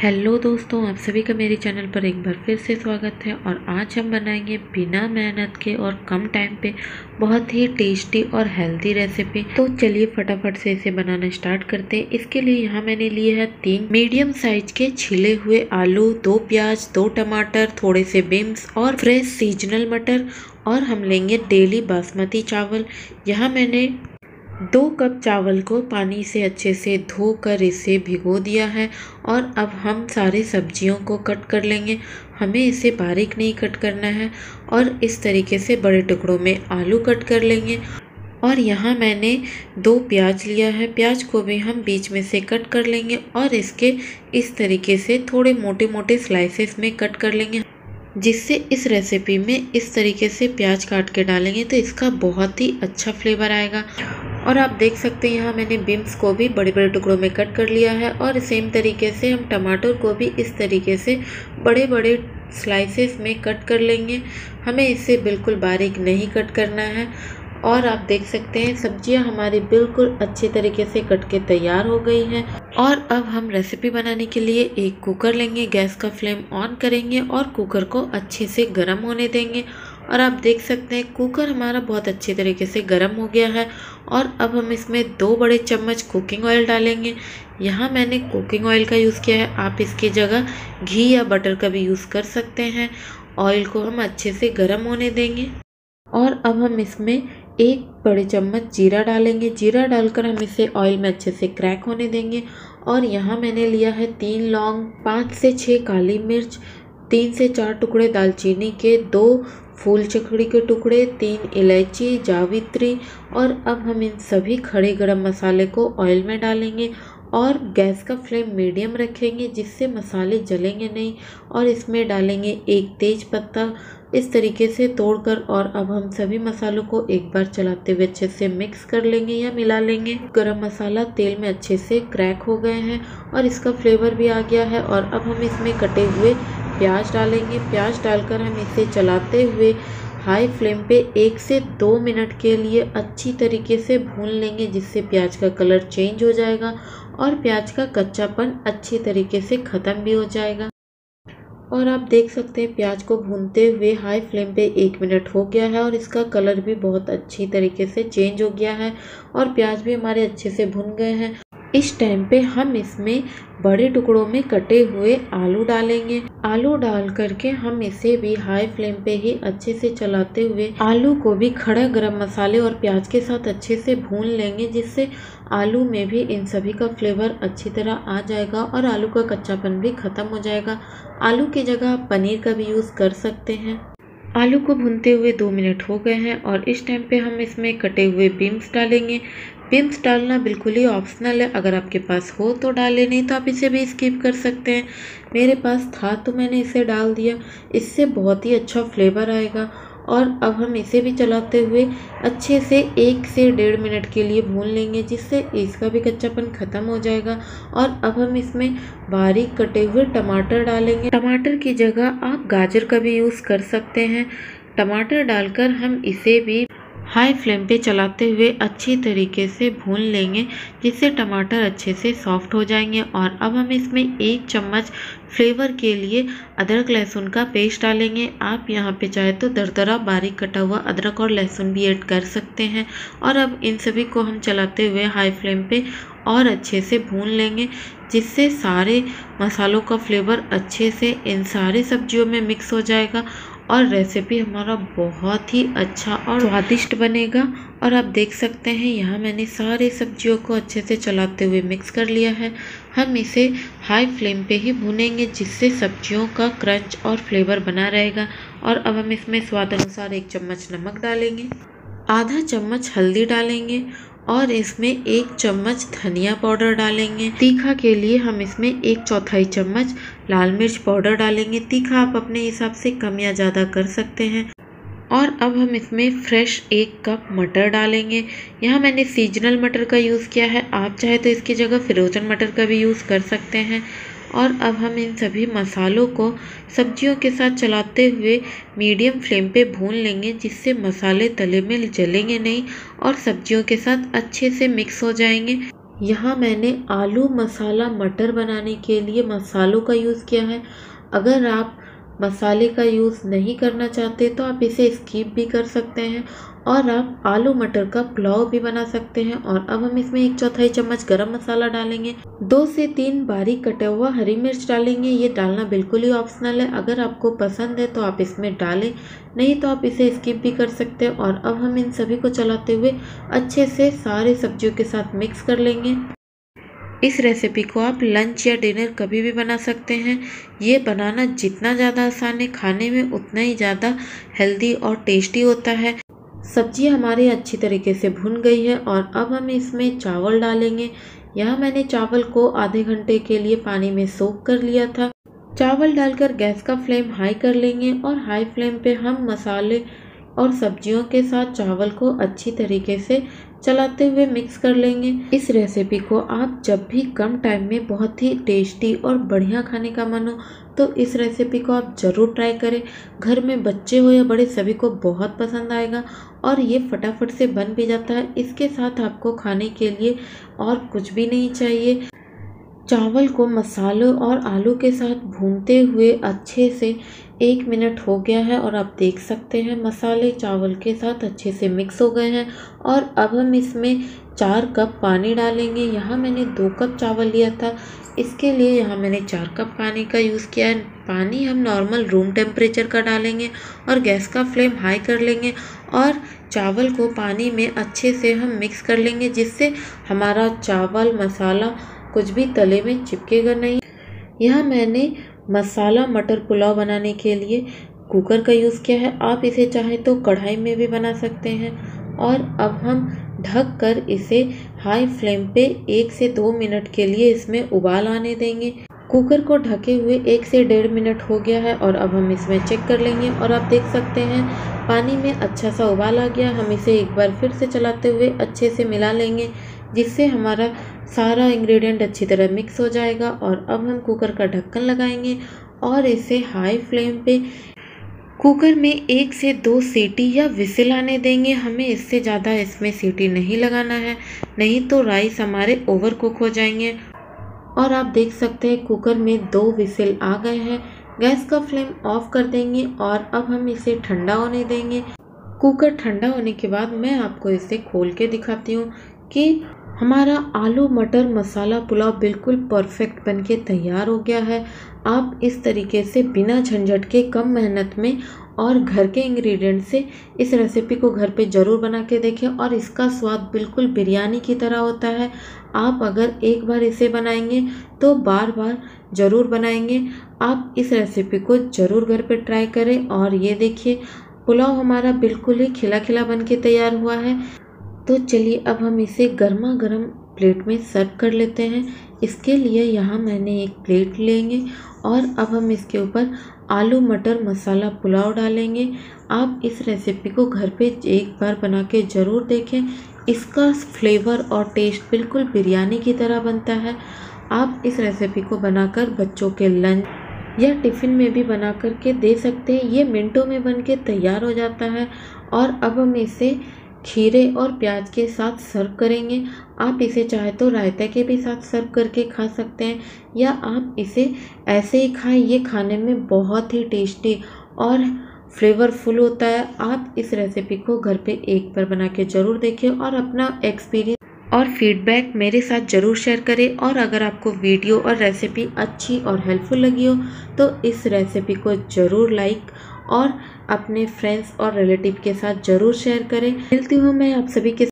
hello दोस्तों आप सभी का मेरे चैनल पर एक बार फिर से स्वागत है और आज हम बनाएंगे बिना मेहनत के और कम टाइम पे बहुत ही टेस्टी और हेल्दी रेसिपी तो चलिए फटाफट से इसे बनाना स्टार्ट करते हैं इसके लिए यहाँ मैंने लिए है तीन मीडियम साइज के छिले हुए आलू दो प्याज दो टमाटर थोड़े से बीम्स और फ्रेश सीजनल मटर और हम लेंगे डेली बासमती चावल यहाँ मैंने दो कप चावल को पानी से अच्छे से धो कर इसे भिगो दिया है और अब हम सारे सब्जियों को कट कर लेंगे हमें इसे बारीक नहीं कट करना है और इस तरीके से बड़े टुकड़ों में आलू कट कर लेंगे और यहाँ मैंने दो प्याज लिया है प्याज को भी हम बीच में से कट कर लेंगे और इसके इस तरीके से थोड़े मोटे मोटे स्लाइसेस में कट कर लेंगे जिससे इस रेसिपी में इस तरीके से प्याज काट के डालेंगे तो इसका बहुत ही अच्छा फ्लेवर आएगा और आप देख सकते हैं यहाँ मैंने बीम्स को भी बड़े बड़े टुकड़ों में कट कर लिया है और सेम तरीके से हम टमाटर को भी इस तरीके से बड़े बड़े स्लाइसेस में कट कर लेंगे हमें इसे बिल्कुल बारीक नहीं कट करना है और आप देख सकते हैं सब्जियां हमारी बिल्कुल अच्छे तरीके से कट के तैयार हो गई हैं और अब हम रेसिपी बनाने के लिए एक कुकर लेंगे गैस का फ्लेम ऑन करेंगे और कुकर को अच्छे से गर्म होने देंगे और आप देख सकते हैं कुकर हमारा बहुत अच्छे तरीके से गर्म हो गया है और अब हम इसमें दो बड़े चम्मच कुकिंग ऑयल डालेंगे यहाँ मैंने कुकिंग ऑयल का यूज़ किया है आप इसकी जगह घी या बटर का भी यूज़ कर सकते हैं ऑयल को हम अच्छे से गर्म होने देंगे और अब हम इसमें एक बड़े चम्मच जीरा डालेंगे जीरा डालकर हम इसे ऑयल में अच्छे से क्रैक होने देंगे और यहाँ मैंने लिया है तीन लौंग पाँच से छः काली मिर्च तीन से चार टुकड़े दालचीनी के दो फूल चकड़ी के टुकड़े तीन इलायची जावित्री और अब हम इन सभी खड़े गरम मसाले को ऑयल में डालेंगे और गैस का फ्लेम मीडियम रखेंगे जिससे मसाले जलेंगे नहीं और इसमें डालेंगे एक तेज पत्ता इस तरीके से तोड़कर और अब हम सभी मसालों को एक बार चलाते हुए अच्छे से मिक्स कर लेंगे या मिला लेंगे गरम मसाला तेल में अच्छे से क्रैक हो गए हैं और इसका फ्लेवर भी आ गया है और अब हम इसमें कटे हुए प्याज डालेंगे प्याज डालकर हम इसे चलाते हुए हाई फ्लेम पे एक से दो मिनट के लिए अच्छी तरीके से भून लेंगे जिससे प्याज का कलर चेंज हो जाएगा और प्याज का कच्चापन अच्छी तरीके से ख़त्म भी हो जाएगा और आप देख सकते हैं प्याज को भूनते हुए हाई फ्लेम पे एक मिनट हो गया है और इसका कलर भी बहुत अच्छी तरीके से चेंज हो गया है और प्याज भी हमारे अच्छे से भुन गए हैं इस टाइम पे हम इसमें बड़े टुकड़ों में कटे हुए आलू डालेंगे आलू डाल करके हम इसे भी हाई फ्लेम पे ही अच्छे से चलाते हुए आलू को भी खड़ा गरम मसाले और प्याज के साथ अच्छे से भून लेंगे जिससे आलू में भी इन सभी का फ्लेवर अच्छी तरह आ जाएगा और आलू का कच्चापन भी खत्म हो जाएगा आलू की जगह पनीर का भी यूज़ कर सकते हैं आलू को भूनते हुए दो मिनट हो गए हैं और इस टाइम पे हम इसमें कटे हुए बीन्स डालेंगे बीन्स डालना बिल्कुल ही ऑप्शनल है अगर आपके पास हो तो डालें नहीं तो आप इसे भी स्किप कर सकते हैं मेरे पास था तो मैंने इसे डाल दिया इससे बहुत ही अच्छा फ्लेवर आएगा और अब हम इसे भी चलाते हुए अच्छे से एक से डेढ़ मिनट के लिए भून लेंगे जिससे इसका भी कच्चापन ख़त्म हो जाएगा और अब हम इसमें बारीक कटे हुए टमाटर डालेंगे टमाटर की जगह आप गाजर का भी यूज़ कर सकते हैं टमाटर डालकर हम इसे भी हाई फ्लेम पे चलाते हुए अच्छी तरीके से भून लेंगे जिससे टमाटर अच्छे से सॉफ्ट हो जाएंगे और अब हम इसमें एक चम्मच फ्लेवर के लिए अदरक लहसुन का पेस्ट डालेंगे आप यहाँ पे चाहे तो दरदरा बारीक कटा हुआ अदरक और लहसुन भी ऐड कर सकते हैं और अब इन सभी को हम चलाते हुए हाई फ्लेम पे और अच्छे से भून लेंगे जिससे सारे मसालों का फ्लेवर अच्छे से इन सारे सब्जियों में मिक्स हो जाएगा और रेसिपी हमारा बहुत ही अच्छा और स्वादिष्ट बनेगा और आप देख सकते हैं यहाँ मैंने सारे सब्जियों को अच्छे से चलाते हुए मिक्स कर लिया है हम इसे हाई फ्लेम पे ही भूनेंगे जिससे सब्जियों का क्रंच और फ्लेवर बना रहेगा और अब हम इसमें स्वाद अनुसार एक चम्मच नमक डालेंगे आधा चम्मच हल्दी डालेंगे और इसमें एक चम्मच धनिया पाउडर डालेंगे तीखा के लिए हम इसमें एक चौथाई चम्मच लाल मिर्च पाउडर डालेंगे तीखा आप अपने हिसाब से कम या ज़्यादा कर सकते हैं और अब हम इसमें फ्रेश एक कप मटर डालेंगे यहाँ मैंने सीजनल मटर का यूज़ किया है आप चाहे तो इसकी जगह फ्रोजन मटर का भी यूज़ कर सकते हैं और अब हम इन सभी मसालों को सब्जियों के साथ चलाते हुए मीडियम फ्लेम पे भून लेंगे जिससे मसाले तले में जलेंगे नहीं और सब्जियों के साथ अच्छे से मिक्स हो जाएंगे यहाँ मैंने आलू मसाला मटर बनाने के लिए मसालों का यूज़ किया है अगर आप मसाले का यूज़ नहीं करना चाहते तो आप इसे स्कीप भी कर सकते हैं और आप आलू मटर का पुलाव भी बना सकते हैं और अब हम इसमें एक चौथाई चम्मच गरम मसाला डालेंगे दो से तीन बारीक कटा हुआ हरी मिर्च डालेंगे ये डालना बिल्कुल ही ऑप्शनल है अगर आपको पसंद है तो आप इसमें डालें नहीं तो आप इसे स्किप भी कर सकते हैं और अब हम इन सभी को चलाते हुए अच्छे से सारे सब्जियों के साथ मिक्स कर लेंगे इस रेसिपी को आप लंच या डिनर कभी भी बना सकते हैं ये बनाना जितना ज़्यादा आसान है खाने में उतना ही ज़्यादा हेल्दी और टेस्टी होता है सब्जी हमारी अच्छी तरीके से भुन गई है और अब हम इसमें चावल डालेंगे यहाँ मैंने चावल को आधे घंटे के लिए पानी में सोख कर लिया था चावल डालकर गैस का फ्लेम हाई कर लेंगे और हाई फ्लेम पे हम मसाले और सब्जियों के साथ चावल को अच्छी तरीके से चलाते हुए मिक्स कर लेंगे इस रेसिपी को आप जब भी कम टाइम में बहुत ही टेस्टी और बढ़िया खाने का मन हो तो इस रेसिपी को आप ज़रूर ट्राई करें घर में बच्चे हो या बड़े सभी को बहुत पसंद आएगा और ये फटाफट से बन भी जाता है इसके साथ आपको खाने के लिए और कुछ भी नहीं चाहिए चावल को मसालों और आलू के साथ भूनते हुए अच्छे से एक मिनट हो गया है और आप देख सकते हैं मसाले चावल के साथ अच्छे से मिक्स हो गए हैं और अब हम इसमें चार कप पानी डालेंगे यहाँ मैंने दो कप चावल लिया था इसके लिए यहाँ मैंने चार कप पानी का यूज़ किया है पानी हम नॉर्मल रूम टेम्परेचर का डालेंगे और गैस का फ्लेम हाई कर लेंगे और चावल को पानी में अच्छे से हम मिक्स कर लेंगे जिससे हमारा चावल मसाला कुछ भी तले में चिपकेगा नहीं यहाँ मैंने मसाला मटर पुलाव बनाने के लिए कुकर का यूज़ किया है आप इसे चाहे तो कढ़ाई में भी बना सकते हैं और अब हम ढक कर इसे हाई फ्लेम पे एक से दो मिनट के लिए इसमें उबाल आने देंगे कुकर को ढके हुए एक से डेढ़ मिनट हो गया है और अब हम इसमें चेक कर लेंगे और आप देख सकते हैं पानी में अच्छा सा उबाल आ गया हम इसे एक बार फिर से चलाते हुए अच्छे से मिला लेंगे जिससे हमारा सारा इंग्रेडिएंट अच्छी तरह मिक्स हो जाएगा और अब हम कुकर का ढक्कन लगाएंगे और इसे हाई फ्लेम पे कुकर में एक से दो सीटी या विसिल आने देंगे हमें इससे ज़्यादा इसमें सीटी नहीं लगाना है नहीं तो राइस हमारे ओवर कुक हो जाएंगे और आप देख सकते हैं कुकर में दो विसिल आ गए हैं गैस का फ्लेम ऑफ कर देंगे और अब हम इसे ठंडा होने देंगे कुकर ठंडा होने के बाद मैं आपको इसे खोल के दिखाती हूँ कि हमारा आलू मटर मसाला पुलाव बिल्कुल परफेक्ट बनके तैयार हो गया है आप इस तरीके से बिना झंझट के कम मेहनत में और घर के इंग्रेडिएंट से इस रेसिपी को घर पे ज़रूर बना के देखें और इसका स्वाद बिल्कुल बिरयानी की तरह होता है आप अगर एक बार इसे बनाएंगे तो बार बार ज़रूर बनाएंगे आप इस रेसिपी को ज़रूर घर पे ट्राई करें और ये देखिए पुलाव हमारा बिल्कुल ही खिला खिला बन के तैयार हुआ है तो चलिए अब हम इसे गर्मा गर्म प्लेट में सर्व कर लेते हैं इसके लिए यहाँ मैंने एक प्लेट लेंगे और अब हम इसके ऊपर आलू मटर मसाला पुलाव डालेंगे आप इस रेसिपी को घर पे एक बार बना के ज़रूर देखें इसका फ्लेवर और टेस्ट बिल्कुल बिरयानी की तरह बनता है आप इस रेसिपी को बनाकर बच्चों के लंच या टिफ़िन में भी बना करके दे सकते हैं ये मिनटों में बन के तैयार हो जाता है और अब हम इसे खीरे और प्याज के साथ सर्व करेंगे आप इसे चाहे तो रायते के भी साथ सर्व करके खा सकते हैं या आप इसे ऐसे ही खाएं ये खाने में बहुत ही टेस्टी और फ्लेवरफुल होता है आप इस रेसिपी को घर पे एक बार बना के ज़रूर देखें और अपना एक्सपीरियंस और फीडबैक मेरे साथ ज़रूर शेयर करें और अगर आपको वीडियो और रेसिपी अच्छी और हेल्पफुल लगी हो तो इस रेसिपी को ज़रूर लाइक और अपने फ्रेंड्स और रिलेटिव के साथ ज़रूर शेयर करें मिलती हूँ मैं आप सभी के